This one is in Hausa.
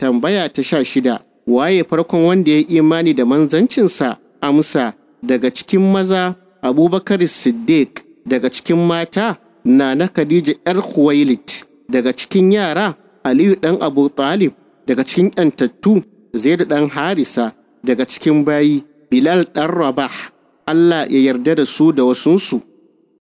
Tambaya ta sha shida, waye farkon wanda ya imani da manzancinsa? Amsa, daga cikin maza, Abubakar Siddiq, daga cikin mata, na na Khadija 'yar kuwailit daga cikin yara, Aliyu ɗan Abu Talib, daga cikin ‘yantattu, Zaidu ɗan Harisa, daga cikin bayi, Bilal ɗan Rabah, Allah ya yarda da su da wasunsu.